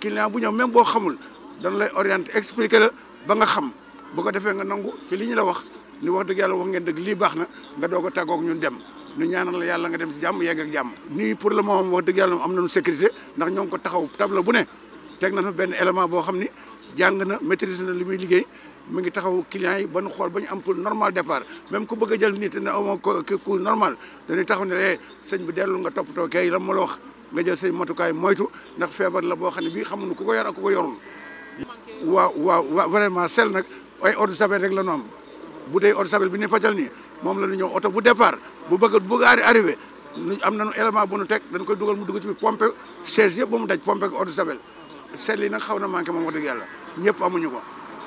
client bu ñëw même bo xamul dañ lay orienter expliquer la ba nga xam bu ko defé nga nangu ci li ñu la wax ni wax deug yalla wax ngeen deug li baxna nga dogo a ak ñun dem ñu ñaanal la yalla nga dem ci jamm yegg ak jamm ni pour le moment wax deug yalla am nañu sécurité ndax ñong ko taxaw table bu ne tek na fa ben élément bo xamni ni na maîtriser na limuy liggéey mi ngi taxaw client yi ban xol bañ am pour normal départ même ku bëgg jël nit na amoo ko ku normal dañuy taxaw ni eh sëñ bi dellu nga toppatoo kay la ma la wax. nga jël say matukaay moytu ndax feebar la boo xam ne bii xamuñu ku ko yor ak ku ko yorul. waaw waaw vraiment sel nag ay eau de rek la ñu bu dee eau de bi ñu fajal nii moom la ñu ñëw oto bu départ bu bëgg bu bëgg arrivé ñu am nañu élément bu nu teg dañ koy dugal mu dugg ci biir pompe chaise yëpp mu daj pompe ak eau de javel sel yi nag xaw na manqué moom wax dëgg yàlla ñëpp amuñu ko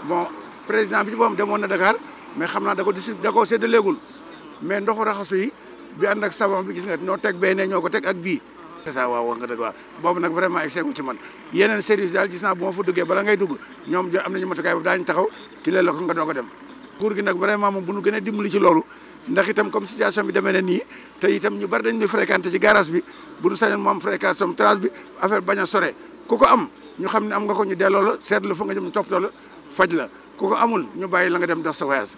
bon président bi ci boppam demoon na Dakar mais xam naa da ko disi da koo séddaleegul mais ndoxu raxasu yi bi ànd ak savon bi gis nga ñoo bee ne ñoo ko teg ak bii c'est ça waaw wax nga dëgg waaw boobu nag vraiment échec wu ci man yeneen service daal gis naa bu ma fa duggee bala ngay dugg ñoom am nañu matukaay boobu taxaw ci leen la ko nga doog dem nguur gi nag vraiment moom bu ñu gën dimbali ci loolu ndax itam comme situation bi demee na nii te itam ñu bari dañ ñu fréquenté ci garage bi bu ñu sañoon moom fréquentation trace bi affaire bañ a sore ku ko am ñu xam am nga ko ñu delloo la seetlu fa nga jëm ñu toppatoo la faj la ku amul ñu bàyyi la nga dem dox sa voyage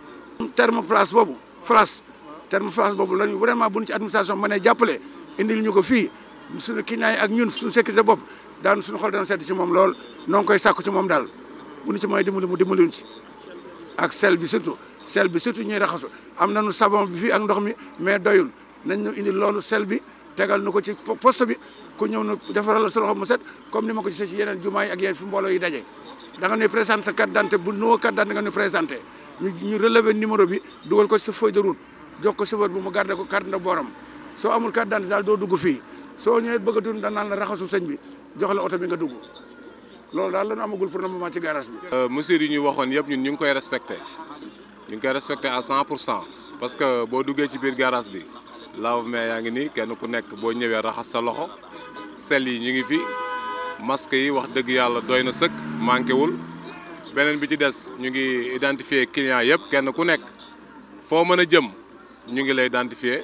terme place bobu place terme place boobu lañu vraiment buñ ci administration mënee jàppale indil ñu ko suñu kinaay ak ñun suñu sécurité bopp daan suñu xol dana sedd ci moom lool noo ngi koy sàkku ci moom daal bu ñu ci mooy dimbali mu dimbaliwuñ ci ak sel bi surtout sel bi surtout ñuy raxasu am na nu sabon bi fii ak ndox mi mais doyul nañ ñu indi loolu sel bi tegal nu ko ci poste bi ku ñëw nu defaral la sa loxo mu set comme ni ma ko gisee ci yeneen jumaa yi ak yeneen fi mbooloo daje da nga ñuy présenté sa carte d'identité bu noo carte d'identité nga ñuy présenté ñu ñu relevé numéro bi dugal ko s feuille de jox ko chauffeur bu mu garder ko carte na booram soo amul carte d'identité doo dugg fii soo ñëwee bëgg a dund da naan la raxasu sëñ bi jox la oto bi nga dugg loolu daal la ñu amagul pour le moment ci garage bi. Euh, mesures yi ñu waxoon yëpp ñun ñu ngi koy respecté ñu ngi koy respecté à 100 pour cent parce que boo duggee ci biir garage bi lave-mains yaa ngi nii kenn ku nekk boo ñëwee raxas sa loxo sel yi ñu ngi fi masque yi wax dëgg yàlla doy na sëkk manqué wul beneen bi ci des ñu ngi identifier client yëpp kenn ku nekk foo mën a jëm ñu ngi lay identifier.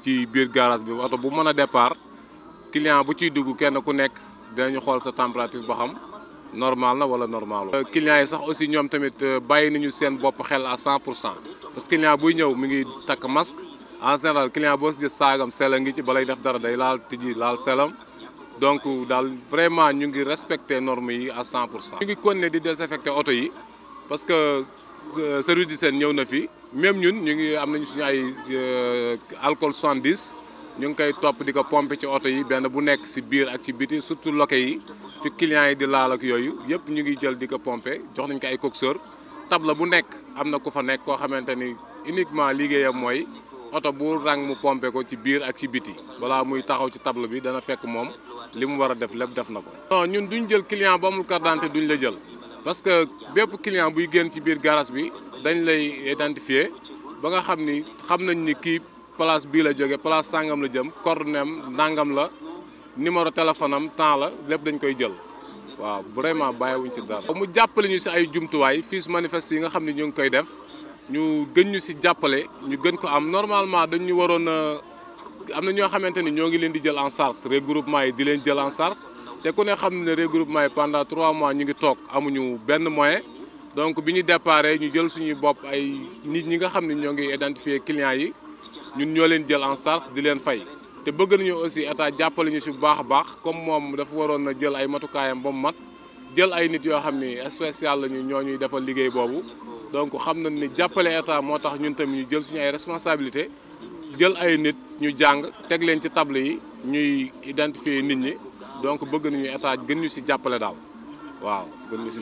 ci biir garage bi oto bu mën a départ client bu ciy dugg kenn ku nekk dinañu xool sa température ba xam normal na wala normalu euh, client yi sax aussi ñoom tamit euh, bàyyi nañu seen bopp xel à 100 pour cent parce que client buy ñëw mi ngi takk masque en général client boo si gis saagam sela ngi ci balay def dara day laal tijji laal selam donc daal vraiment ñu ngi respecté normes yi à 100 ñu ngi continuer di désinfecté oto yi parce que. Euh, service d'hygiène ñëw na fi même ñun ñu ngi am nañu suñu ay euh, alcool 70 ñu ngi koy topp di ko pomper ci oto yi benn bu nekk si biir ak ci biti surtout loke yi fi clients yi di laal ak yooyu yëpp ñu ngi jël di ko pomper jox nañ ko ay coxeur table bu nekk am na ku fa nekk koo xamante ni uniquement liggéeyam mooy oto bu rang mu pomper ko ci biir ak ci biti balaa muy taxaw ci table bi dana fekk moom li mu war a def lépp def na ko. non ñun duñ jël client la jël. parce que bépp client buy génn ci biir garage bi dañ lay identifier ba nga xam ni xam nañ ni kii place bii la jóge place sàngam la jëm cornem am nangam la numéro téléphone am temps la lépp dañ koy jël waaw vraiment bàyyiwuñ ci dara. mu jàppale ñu si ay jumtuwaay fils manifeste yi nga xam ne ñu ngi koy def ñu gën ñu si jàppale ñu gën ko am normalement dañ ñu waroon a am na ñoo xamante ni ñoo ngi leen di jël en charge regroupement yi di leen jël en charge. te ku ne xam ne regroupement yi pendant trois mois ñu ngi toog amuñu benn moyen donc bi ñu déparé ñu jël suñu bopp ay nit ñi nga xam ne ñoo ngi identifier clients yi ñun ñoo leen jël en charge di leen fay te bëgg nañu aussi état jàppale ñu si bu baax a baax comme moom dafa waroon na jël ay matukaayam ba mu mat jël ay nit yoo xam ne spécial la ñu ñoo ñuy defal liggéey boobu donc xam nañ ni jàppale état moo tax ñun tamit ñu jël suñu ay responsabilité jël ay nit ñu jàng teg leen ci table yi ñuy identifier nit ñi donc bëgg nañu état gën ñu si jàppale daaw waaw gën ñu si.